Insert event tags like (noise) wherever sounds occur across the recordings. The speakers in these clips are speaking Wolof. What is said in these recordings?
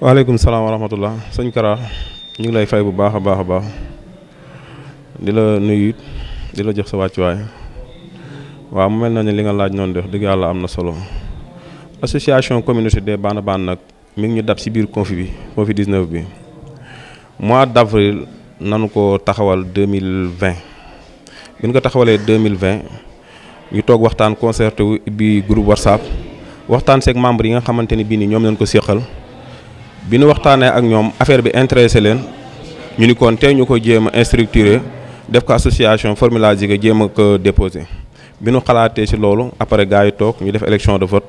waaleykum salaam wa rahmatullah sëñ ñu ngi lay fay bu baax a baax a baax di la nuyu di la jox sa wàccuwaay waaw mu mel na ne li nga laaj noonu def dëgg yàlla am na solo association communauté des Baana Baana nag mi ngi ñu dab si biir Covid bi Covid 19 bi mois d' avril nanu ko taxawal 2020 bi ñu ko taxawalee 2020 ñu toog waxtaan concerté bi groupe WhatsApp waxtaan seeg membre yi nga xamante ni bii nii ñoom lañ ko séqal bi nu waxtaanee ak ñoom affaire bi intéressé leen ñu ni kon tey ñu ko jéem a instructuré def ko association Formula Giga jéem a ko déposé bi nu xalaatee si loolu après gars yi toog ñu def élection de vote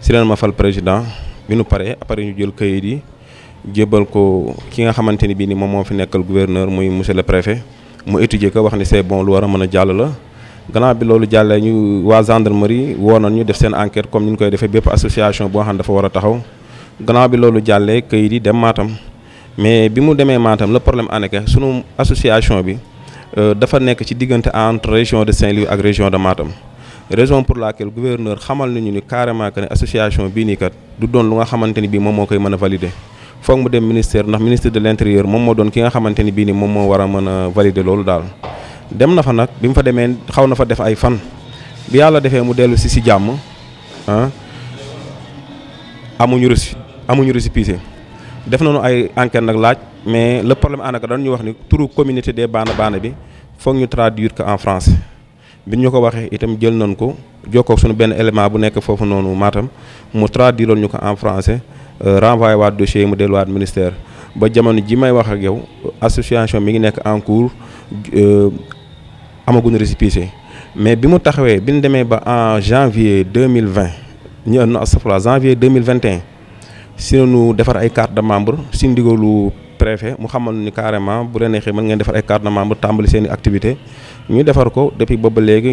si leen ma fal président bi nu paree après ñu jël kayit yi jébbal ko ki nga xamante ni bii ni moom moo fi nekkal gouverneur muy monsieur le préfet mu étudier ko wax ni c'est bon lu war a mën a jàll la gannaaw bi loolu jàllee ñu waa gendarmerie woo nañ ñu def seen enquête comme ni ñu koy defee bépp association boo xam ne dafa war a taxaw gannaaw bi loolu jàllee këyit yi dem maatam mais bi mu demee maatam le problème aneke sunu association bi euh, dafa nekk ci diggante entre région de Saint-Louis ak région de maatam raison pour la laquelle gouverneur xamal nañu ni carrément que ne association bii nii kat du doon lu nga xamante bii moom moo koy mën a valider foog mu dem ministère ndax ministre de l'intérieur moom moo doon ki nga xamante ni bii nii moom moo war a mën a valider loolu daal. dem na fa nag bi mu fa demee xaw na fa def ay fan bi yàlla defee mu dellu si si jàmm ah amuñu amuñu récépissé def nañu ay enquête nak laaj mais le problème anaka dañu ñu wax ni turu communauté des bana bana bi foog ñu traduire que en français bi ñu ko waxee itam jël nañ ko jokkoo suñu ben élément bu nekk fofu nonu Matam mu traduire ñu ko en français euh, renvoyer waat dossier yi mu delluwaat ministère ba jamono ji may wax ak yow association mi ngi nekk en cours euh, amaguñu récépissé mais bi mu taxawé bi démé ba en janvier 2020 mille vingt ñu na astafurlah janvier 2021 si nous faisons ay carte de membre si nous préfet mu xamal ni carrément bu carte de membre nous avons activité depuis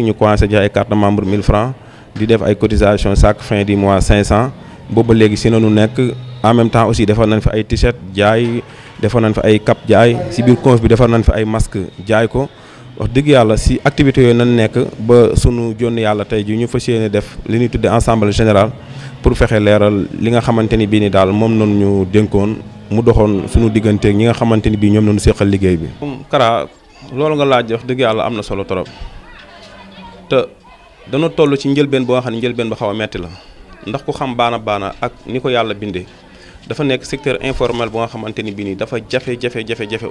nous carte de membre 1000 francs nous def cotisation chaque fin du mois 500 Nous si en même temps aussi t-shirt jaay fi cap si masque wax si activité yo nañ nek ba sunu ensemble général pour fexe leeral li nga xamante ni bii ni daal moom noonu ñu dénkoon mu doxoon suñu digganteeg ñi nga xamante ni bii ñoom noonu séqal liggéey bi. Kara loolu nga laa wax dëgg yàlla am na solo trop te dana toll ci njëlbeen boo xam ne njëlbeen ba xaw a metti la ndax ku xam baana baana ak ni ko yàlla bindee dafa nekk secteur informel bu nga xamante ni bii nii dafa jafe jafe jafe jafe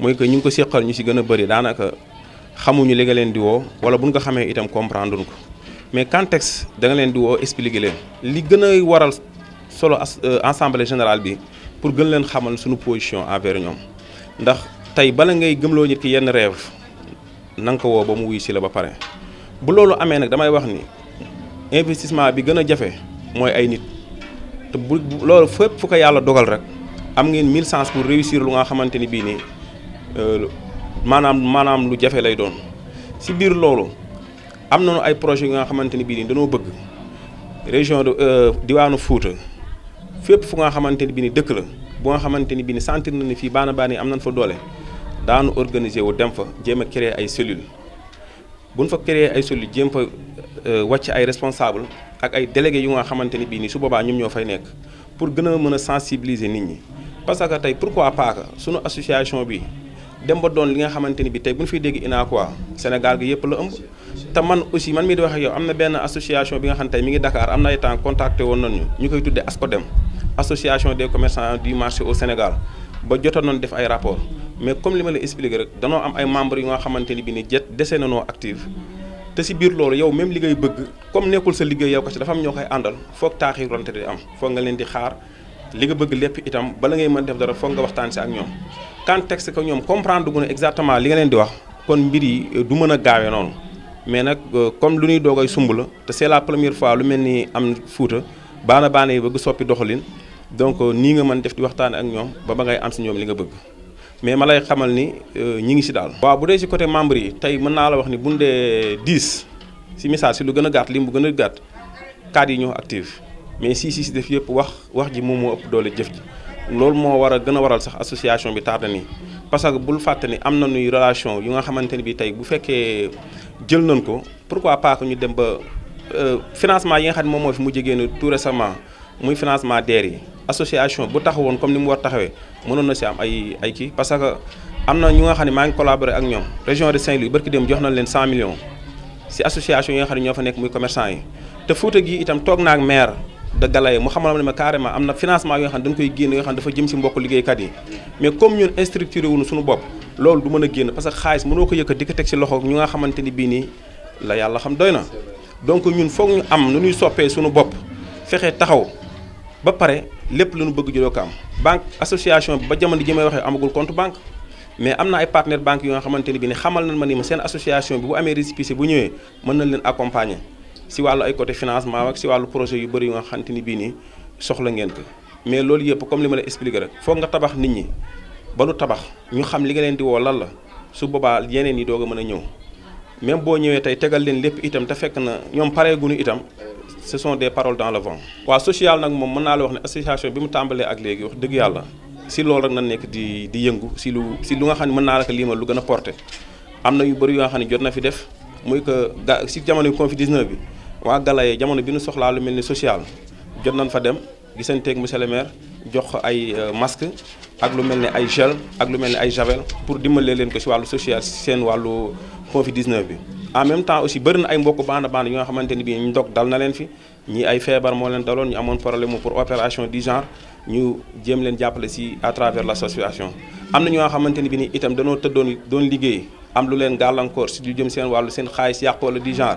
mooy que ñu ngi ko séqal ñu si gën a bëri daanaka xamuñu li leen di woo wala buñ ko xamee itam comprendre ko. mais contexte da nga len di woo expliquer len li gëna waral solo ensemble euh, général bi pour gën len xamal suñu position envers ñom ndax tay bala ngay gëmloo nit ki yenn rêve nang ko wo ba mu wuy si la ba pare bu lolu amé nak damay wax ni investissement bi gëna jafé moy ay nit te lolu loolu fépp fu ko yàlla dogal rek am ngeen mille chances pour réussir lu nga xamanteni bi ni euh manam manam lu jafé lay doon ci biir lolu am nañu ay projet yi nga bi ni bii dañoo bëgg région de euh, diwanu Fouta fépp fu nga bi ni bii dëkk la bu nga xamante ni sentir na ni fii baana baana yi am nañ fa doole daanu organiser wu dem fa jéem créer ay cellule buñ fa créer ay cellule jéem fa euh, wacc ay responsable ak ay délégué yu nga bi ni su boobaa ñoom ñoo fay nekk pour gëna mëna sensibiliser nit ñi parce que tay pourquoi pas que association bi. dem ba doon li nga xamante ni bi tey bu ñu fiy dégg UNACOIS Sénégal gi yëpp la ëmb te man aussi man mii di wax ak am na benn association bi nga xam tey mi ngi Dakar am na ay temps contacté woon nañu ñu koy tuddee ASCODEM association des commerçants du marché au Sénégal ba jotoon nañu def ay rapport mais comme li ma la expliqué rek danoo am ay membres yu nga xamante ni bi ni jet dese na noo active te si biir loolu yow même li ngay bëgg comme nekkul sa liggéey yow ko am ñoo koy àndal foog taaxi ronte di am foog nga leen di xaar li nga bëgg lépp itam bala ngay mën def dara foog nga waxtaan si ak ñoom contexte ko ñoom comprendre gu ne exactement li nga leen di wax kon mbir yi euh, du mën a gaawee noonu mais nag euh, comme lu ñuy doogay sumb la te c'est la première fois lu mel ni am fuuta baana baana yi bëgg soppi doxalin donc euh, nii nga mën def di waxtaan ak ñoom ba ba ngay am si ñoom li nga bëgg mais ma lay xamal ni ñi ngi si daal. waaw bu dee si côté membre yi tey mën naa la wax ni bu dee 10 si message lu gën a gàtt lim bu gën a gàtt cadres yi ñoo active. mais si si si def yëpp wax wax ji moom moo ëpp doole jëf ji loolu moo war a gën a waral sax association bi tardé nii parce que bul fàtte ni am na nuy relation yu nga xamante ni bi tey bu fekkee jël nañ ko pourquoi pas que ñu dem ba euh, financement yi nga xam ne moom moo fi mu jigéen tout récemment muy financement DER yi association bu taxawoon comme ni mu war taxawee mënoon na si am ay ay kii parce que am na ñu nga xam ne maa ngi collaborer ak ñoom région de Saint-Louis barki dem jox nañ leen 100 millions si association yi nga xam ne ñoo fa nekk muy commerçant yi te foota gi itam toog naa ak maire de galay mu xamal ne carrément amna financement yoo xam ne dañ koy guen yoo xamne dafa jëm ci mbokk liguey kat yi mais comme ñun instructuré wuñu suñu bop loolu du mëna guen parce que xaalis mëno ko yëkkat di ko teg si loxo ñu nga bi ni la yalla xam doyna donc ñun fokk ñu am nu ñuy soppé suñu bop fexé taxaw ba paré lepp lu ñu bëgg jëlo ko am banque association ba jëmandi jëmay waxe amagul compte banque mais amna ay partenaire banque yoo nga xamante ni ni xamal nañ ma ni sen association bi bu amé récépissé bu ñëwé mëna nañ leen accompagner si wàllu ay côté financement ak si wàllu projet yu bëri yu nga xamante ni bii nii soxla ngeen mais loolu yëpp comme li ma la expliqué rek foog nga tabax nit ñi ba nu tabax ñu xam li nga leen di woo lan la su boobaa yeneen yi doog a mën a ñëw même boo ñëwee tey tegal leen lépp itam te fekk na ñoom pareeguñu itam saison sont des paroles dans le vent. waa social nag moom mën naa la wax ne association bi mu tàmbalee ak léegi wax dëgg yàlla si loolu rek na nekk di di yëngu si lu si lu nga xam ne mën naa la ko limal lu gën a porté am na yu bëri yoo xam ne jot na fi def muy que ga si jamono Covid bi. waa Galaye jamono bi nu soxlaa lu melni social jot nañ fa dem gisanteeg monsieur le maire jox ay euh, masque ak lu melni ay gel ak lu melni ay javel pour dimbalee len ko ci walu social sen walu Covid 19 bi. en même temps aussi bëri ay mbokk band band yi nga xamante ni ñu dog dal na len fi ñi ay fièvre mo len daloon ñu amone problème pour opération du genre ñu jëm len jappalé ci à travers l'association amna am na ñoo bi ni itam danoo tëddoon doon liggéey am lu len gàllankoor ci du jëm sen walu sen xaalis yàq wala du genre.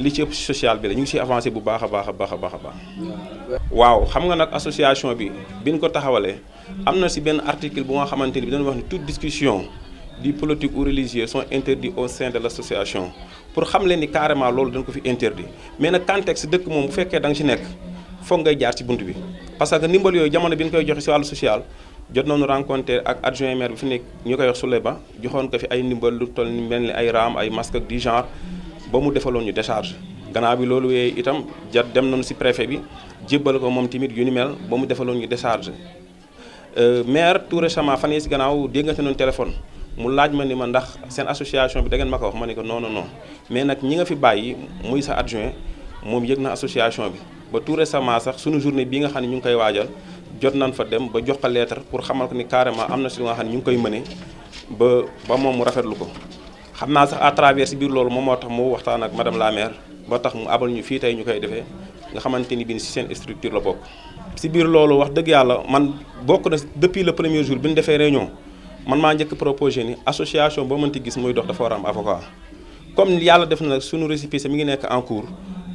li ci ëpp social bi la ñu ngi siy bu baax a baax a baax Wow, baax a xam nga nag association bi bi ñu ko taxawalee am na si benn article bu nga xamante ni bi doon wax ni toute discussion di politique ou religieuse sont interdits au sein de l'association. pour xam leen ni carrément loolu dañ ko fi interdit mais nag contexte dëkk moom bu fekkee da nga si nekk foog jaar ci bunt bi parce que ndimbal yooyu jamono bi ñu koy joxe si wàllu social jot noonu rencontré ak adjoint maire bi fi nekk ñu koy wax Souleyba joxoon ko fi ay ndimbal lu toll ni mel ni ay raam ay masque du genre ba mu defaloon ñu décharge gannaaw bi loolu wéyee itam jat dem nañu si préfet bi jébbal ko moom tamit yu ni mel ba mu defaloon ñu décharge euh, maire tout récemment fan yii si gannaaw nga nañu téléphone mu laaj ma ni ma ndax seen association bi dangeen ma ko wax ma ne ko non non mais nag ñi nga fi bàyyi muy sa adjoint moom yëg na association bi ba tout récemment sax suñu journée bi nga xam ne ñu ngi koy waajal jot nañ fa dem ba jox ko lettre pour xamal ko ni carrément am na si lu nga xam ñu ngi koy mëne ba ba moom mu rafetlu ko. xamna sax à travers biir lolu moom moo tax mu waxtaan ak madame la maire ba tax mu abal ñu fii tey ñu koy nga xamanteni ni ci si seen structure la bok ci biir lolu wax deug yalla man bokk na depuis le premier jour bi ñu réunion man ma njëkk proposer ni association boo mënti gis moy dox dafa war am avocat comme yalla def na suñu sunu récépissé mi ngi nekk en cours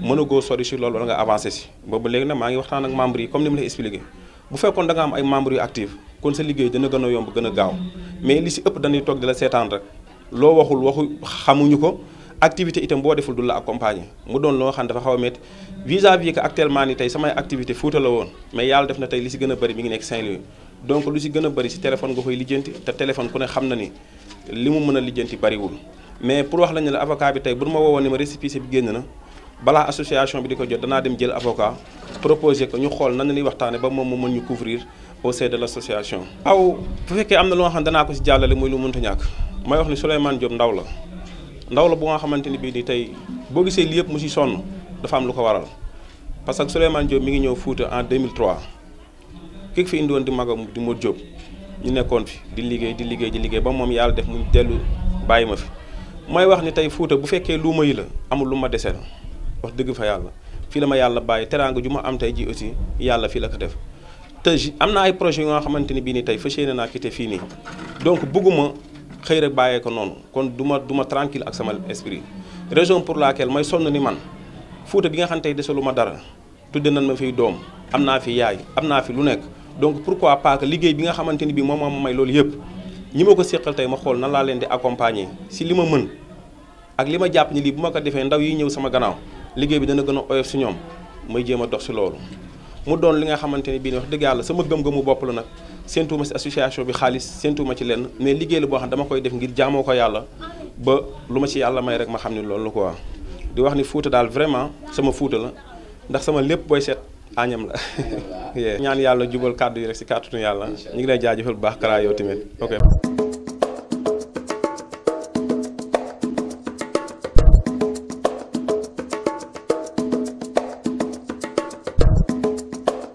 mën go sori ci lolu wala nga avancé si boobu légui na ma ngi waxtaan ak membres yi comme ni mu lay expliqué. bu fekkon da nga am ay membres yu actif kon sa liggéey dina gëna yomb gëna a gaaw mais li ci ëpp dañuy tok di la seetaan rek. loo waxul waxu xamuñu ko activité itam boo deful du la accompagner mu doon loo xam dafa xaw a métti vis à actuellement ni tey samay activité Fuuta la woon mais yàlla def na tey li si gën a bëri mi ngi nekk Saint-Louis lu si gën a bëri si téléphone nga koy lijjanti te téléphone ku ne xam na ni li mu mën a lijjanti bëriwul mais pour wax la ne la avocat bi tey bu ma woowoon ni ma récépissé bi génn na balaa association bi di ko jot danaa dem jël avocat proposé ko ñu xool nan la ñuy waxtaane ba moom mu mën ñu couvrir au sein de l' association aw fekkee am na loo xam ne danaa ko si jàllale muy lu mënta ñàkk may wax ni Souleymane Diop ndaw la ndaw la bu nga xamanteni bi di tay bo gisee lii yëpp mu ci sonn dafa am lu ko waral parce que Souleymane Diop mi ngi ñëw foot en 2003 ki fi indi won di magam di mo Diop ñu nekkon fi di liggéey di liggéey di liggéey ba mom yalla def mu delu bayima fi may wax ni tay foot bu fekkee luuma yi la amul lu ma dese wax dëgg fa yalla fi la ma yàlla bàyyi teraanga ju am tay ji aussi yalla fi la ko def te amna ay projet xamanteni bi ni tay nii na kité fi ni quitté fii nii donc bëgguma xëy rek bàyyee ko noonu kon du ma du ma tranquille ak sama esprit raison pour laquelle may sonn ni man Fuuta bi nga xam tey desalu dara tudde nan ma fiy doom am naa fi yaay am naa fi lu nekk donc pourquoi pas que liggéey bi nga xamante ni bi moom ma may loolu yëpp ñi ma ko séqal tey ma xool nan laa leen di accompagner si li ma mën ak li ma jàpp ni lii bu ma ko defee ndaw yi ñëw sama gannaaw liggéey bi dana gën a oyof si ñoom may jéem a dox si loolu mu doon li nga xamante ni bii ne wax dëgg yàlla sama gëm-gëmu bopp la nag séentuuma si association bi xaalis séentuuma ci lenn mais liggéey la boo xam dama koy def ngir jaamoo ko yàlla ba lu ma ci yàlla may rek ma xam ne loolu la quoi di wax ni fuuta daal vraiment sama fuuta la ndax sama lépp booy set añam la (laughs) ñaan yàlla jubal kàddu yi rek si kàttanu yàlla ñu ngi lay jaajëfal bu baax Kara yow tamit ok